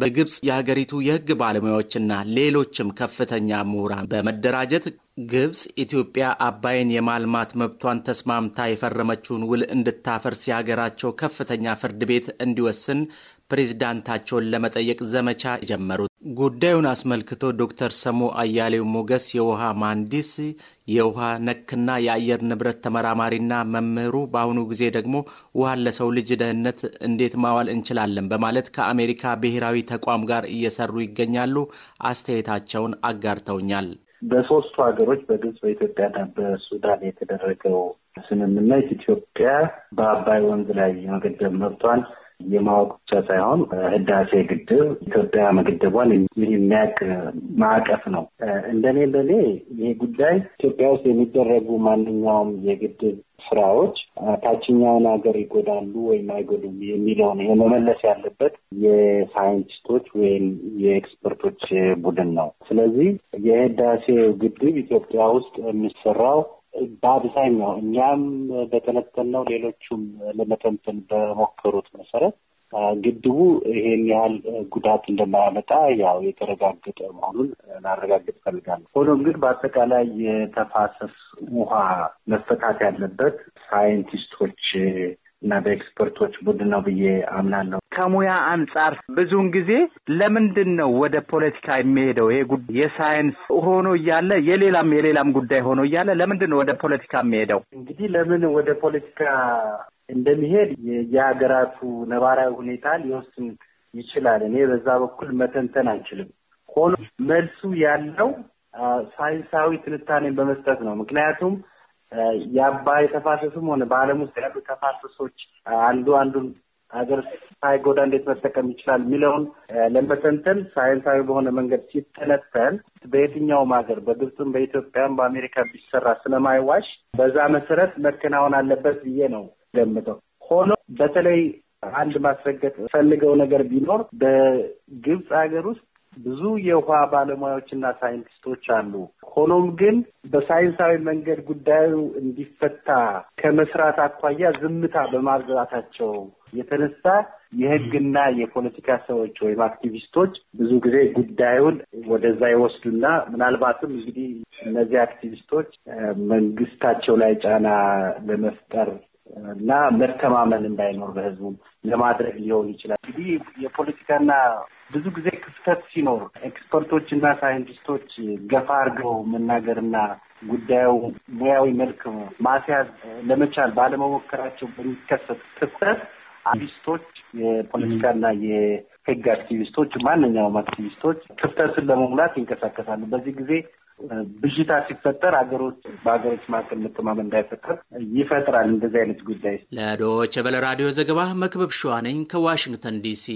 በግብፅ የሀገሪቱ የህግ ባለሙያዎችና ሌሎችም ከፍተኛ ምሁራን በመደራጀት ግብፅ ኢትዮጵያ አባይን የማልማት መብቷን ተስማምታ የፈረመችውን ውል እንድታፈርስ የሀገራቸው ከፍተኛ ፍርድ ቤት እንዲወስን ፕሬዝዳንታቸውን ለመጠየቅ ዘመቻ የጀመሩት ጉዳዩን አስመልክቶ ዶክተር ሰሞ አያሌው ሞገስ የውሃ መሐንዲስ፣ የውሃ ነክና የአየር ንብረት ተመራማሪና መምህሩ በአሁኑ ጊዜ ደግሞ ውሃን ለሰው ልጅ ደህንነት እንዴት ማዋል እንችላለን በማለት ከአሜሪካ ብሔራዊ ተቋም ጋር እየሰሩ ይገኛሉ። አስተያየታቸውን አጋርተውኛል። በሶስቱ ሀገሮች በግብጽ በኢትዮጵያና በሱዳን የተደረገው ስምምነት ኢትዮጵያ በአባይ ወንዝ ላይ የመገደብ መብቷን የማወቅ ብቻ ሳይሆን ህዳሴ ግድብ ኢትዮጵያ መግደቧን የሚያቅ ማዕቀፍ ነው። እንደኔ እንደኔ ይሄ ጉዳይ ኢትዮጵያ ውስጥ የሚደረጉ ማንኛውም የግድብ ስራዎች ታችኛውን ሀገር ይጎዳሉ ወይም አይጎዱም የሚለውን ይሄ መመለስ ያለበት የሳይንቲስቶች ወይም የኤክስፐርቶች ቡድን ነው። ስለዚህ የህዳሴ ግድብ ኢትዮጵያ ውስጥ የሚሰራው በአብዛኛው እኛም በተነተነው ሌሎቹም ለመተንተን በሞከሩት መሰረት ግድቡ ይሄን ያህል ጉዳት እንደማያመጣ ያው የተረጋገጠ መሆኑን ላረጋግጥ ፈልጋለሁ። ሆኖም ግን በአጠቃላይ የተፋሰስ ውሃ መፈታት ያለበት ሳይንቲስቶች እና በኤክስፐርቶች ቡድን ነው ብዬ አምናለሁ። ከሙያ አንጻር ብዙውን ጊዜ ለምንድን ነው ወደ ፖለቲካ የሚሄደው? ይሄ የሳይንስ ሆኖ እያለ የሌላም የሌላም ጉዳይ ሆኖ እያለ ለምንድን ነው ወደ ፖለቲካ የሚሄደው? እንግዲህ ለምን ወደ ፖለቲካ እንደሚሄድ የሀገራቱ ነባራዊ ሁኔታ ሊወስን ይችላል። እኔ በዛ በኩል መተንተን አንችልም። ሆኖ መልሱ ያለው ሳይንሳዊ ትንታኔን በመስጠት ነው። ምክንያቱም የአባይ ተፋሰሱም ሆነ በዓለም ውስጥ ያሉ ተፋሰሶች አንዱ አንዱን ሀገር ሳይጎዳ እንዴት መጠቀም ይችላል የሚለውን ለመተንተን ሳይንሳዊ በሆነ መንገድ ሲተነተን በየትኛውም ሀገር በግብፅም፣ በኢትዮጵያም በአሜሪካ ቢሰራ ስለማይዋሽ በዛ መሰረት መከናወን አለበት ብዬ ነው ገምተው። ሆኖ በተለይ አንድ ማስረገጥ ፈልገው ነገር ቢኖር በግብፅ ሀገር ውስጥ ብዙ የውሃ ባለሙያዎችና ሳይንቲስቶች አሉ። ሆኖም ግን በሳይንሳዊ መንገድ ጉዳዩ እንዲፈታ ከመስራት አኳያ ዝምታ በማብዛታቸው የተነሳ የህግና የፖለቲካ ሰዎች ወይም አክቲቪስቶች ብዙ ጊዜ ጉዳዩን ወደዛ ይወስዱና ምናልባትም እንግዲህ እነዚህ አክቲቪስቶች መንግስታቸው ላይ ጫና ለመፍጠር እና መተማመን እንዳይኖር በህዝቡ ለማድረግ ሊሆን ይችላል። እንግዲህ የፖለቲካና ብዙ ጊዜ ክፍተት ሲኖር ኤክስፐርቶች እና ሳይንቲስቶች ገፋ አድርገው መናገርና ጉዳዩ ሙያዊ መልክ ማስያዝ ለመቻል ባለመሞከራቸው በሚከሰት ክፍተት አርቲስቶች የፖለቲካና ህግ አክቲቪስቶች፣ ማንኛውም አክቲቪስቶች ክፍተትን ለመሙላት ይንቀሳቀሳሉ። በዚህ ጊዜ ብዥታ ሲፈጠር ሀገሮች በሀገሮች መካከል መተማመን እንዳይፈጠር ይፈጥራል። እንደዚህ አይነት ጉዳይ ለዶይቼ ቬለ ራዲዮ ዘገባ መክበብ ሸዋነኝ ከዋሽንግተን ዲሲ